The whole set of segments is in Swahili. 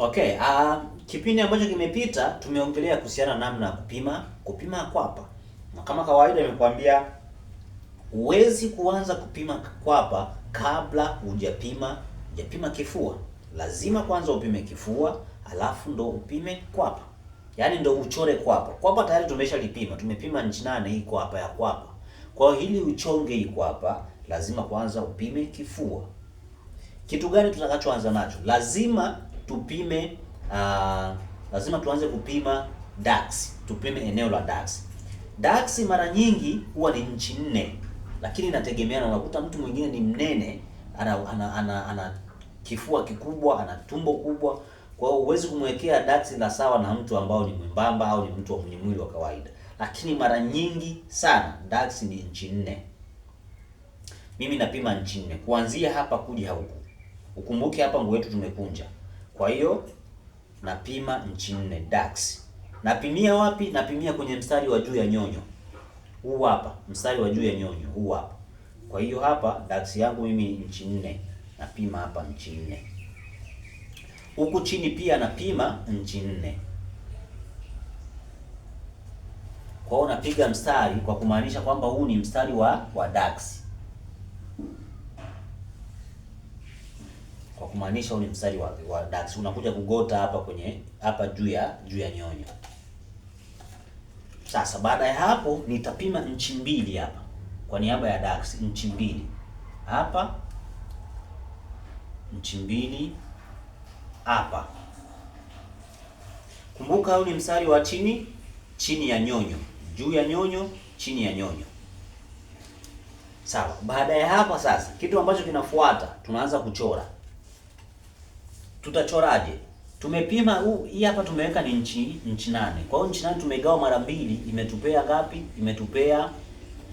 Okay, uh, kipindi ambacho kimepita tumeongelea kuhusiana na namna ya kupima kupima kwapa, na kama kawaida nimekuambia huwezi kuanza kupima kwapa kabla hujapima hujapima kifua. Lazima kwanza upime kifua, alafu ndo upime kwapa, yaani ndo uchore kwapa. Kwapa tayari tumeshalipima, tumepima nchi nane hii kwapa ya kwapa. Kwa hiyo ili uchonge hii kwapa, lazima kwanza upime kifua. Kitu gani tutakachoanza nacho? Lazima tupime uh, lazima tuanze kupima DAX, tupime eneo la DAX. DAX mara nyingi huwa ni nchi nne, lakini inategemeana. Unakuta mtu mwingine ni mnene, ana ana, ana, ana kifua kikubwa, ana tumbo kubwa, kwa hiyo huwezi kumwekea DAX la sawa na mtu ambao ni mwembamba au ni mtu mwenye mwili wa kawaida, lakini mara nyingi sana DAX ni nchi nne. Mimi napima nchi nne kuanzia hapa kuja huku. Ukumbuke hapa nguo yetu tumekunja kwa hiyo napima nchi nne DAX. Napimia wapi? Napimia kwenye mstari wa juu ya nyonyo huu hapa, mstari wa juu ya nyonyo huu hapa. Kwa hiyo hapa DAX yangu mimi nchi nne, napima hapa nchi nne. Huku chini pia napima nchi nne. Kwa hiyo napiga mstari kwa kumaanisha kwamba huu ni mstari wa wa DAX. kwa kumaanisha huu ni mstari wa, wa dax unakuja kugota hapa kwenye hapa juu ya juu ya nyonyo. Sasa baada ya hapo nitapima nchi mbili hapa kwa niaba ya dax, nchi mbili hapa, nchi mbili hapa. Kumbuka huu ni mstari wa chini chini ya nyonyo, juu ya nyonyo, chini ya nyonyo. Sawa, baada ya hapa sasa kitu ambacho kinafuata tunaanza kuchora tutachoraje? Tumepima hii hapa, tumeweka ni nchi nchi nane. Kwa hiyo nchi nane tumegawa mara mbili, imetupea ngapi? Imetupea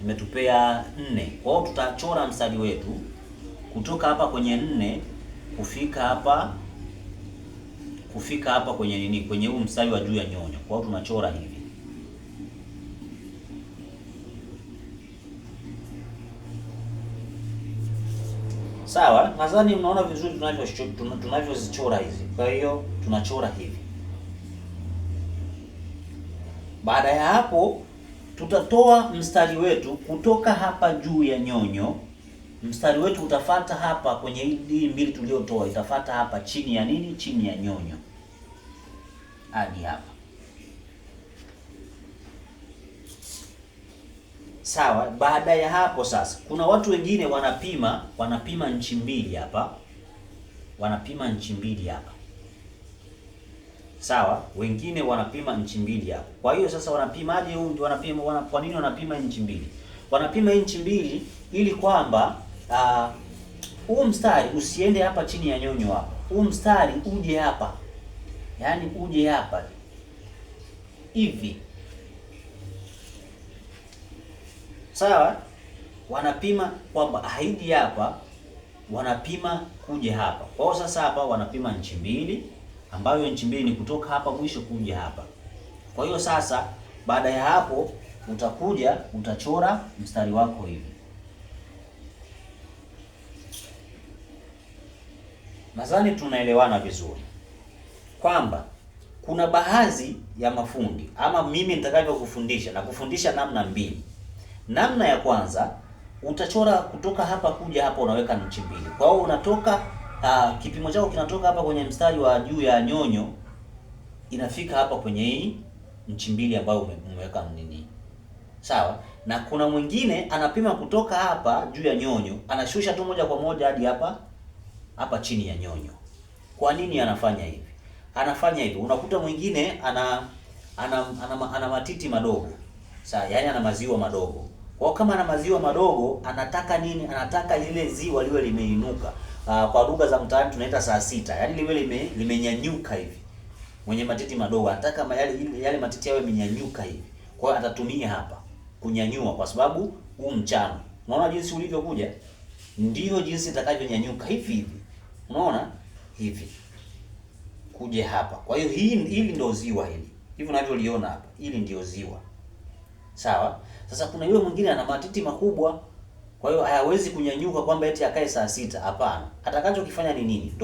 imetupea nne. Kwa hiyo tutachora mstari wetu kutoka hapa kwenye nne kufika hapa kufika hapa kwenye nini, kwenye huu mstari wa juu ya nyonyo. Kwa hiyo tunachora hivi Sawa, nadhani mnaona vizuri tunavyozichora hizi. Kwa hiyo tunachora hivi. Baada ya hapo, tutatoa mstari wetu kutoka hapa juu ya nyonyo. Mstari wetu utafata hapa kwenye hii mbili tuliyotoa, itafata hapa chini ya nini? Chini ya nyonyo hadi hapa. Sawa, baada ya hapo sasa, kuna watu wengine wanapima wanapima nchi mbili hapa, wanapima nchi mbili hapa. Sawa, wengine wanapima nchi mbili hapa. Kwa hiyo sasa wanapimaje huyu? ndio wanapima wana, kwa nini wanapima nchi mbili? Wanapima nchi mbili ili kwamba ah, huu uh, mstari usiende hapa chini ya nyonyo hapa, huu mstari uje hapa, yaani uje hapa hivi sawa. Wanapima kwamba haiji hapa, wanapima kuja hapa. Kwa sasa hapa wanapima nchi mbili, ambayo nchi mbili ni kutoka hapa mwisho kuja hapa. Kwa hiyo sasa, baada ya hapo utakuja utachora mstari wako hivi Nadhani tunaelewana vizuri kwamba kuna baadhi ya mafundi ama mimi nitakavyokufundisha na kufundisha namna mbili. Namna ya kwanza utachora kutoka hapa kuja hapa, unaweka nchi mbili. Kwa hiyo unatoka uh, kipimo chako kinatoka hapa kwenye mstari wa juu ya nyonyo inafika hapa kwenye hii nchi mbili ambayo umeweka nini, sawa. Na kuna mwingine anapima kutoka hapa juu ya nyonyo, anashusha tu moja kwa moja hadi hapa hapa chini ya nyonyo. Kwa nini anafanya hivi? Anafanya hivi, unakuta mwingine ana ana, ana, ana, ana matiti madogo Sawa, yani ana maziwa madogo. Kwa kama ana maziwa madogo, anataka nini? Anataka lile ziwa liwe limeinuka. Uh, kwa lugha za mtaani tunaita saa sita, Yaani liwe lime, limenyanyuka hivi. Mwenye matiti madogo anataka mayale, yale matiti yawe yamenyanyuka hivi. Kwa hiyo atatumia hapa kunyanyua, kwa sababu huu mchano, unaona jinsi ulivyokuja, ndio jinsi itakavyonyanyuka hivi hivi, unaona hivi Kuje hapa. Kwa hiyo hii hili ndio ziwa hili, hivi unavyoliona hapa, hili ndio ziwa. Sawa? Sasa kuna yule mwingine ana matiti makubwa, kwa hiyo hayawezi kunyanyuka kwamba eti akae saa sita. Hapana, atakachokifanya ni nini?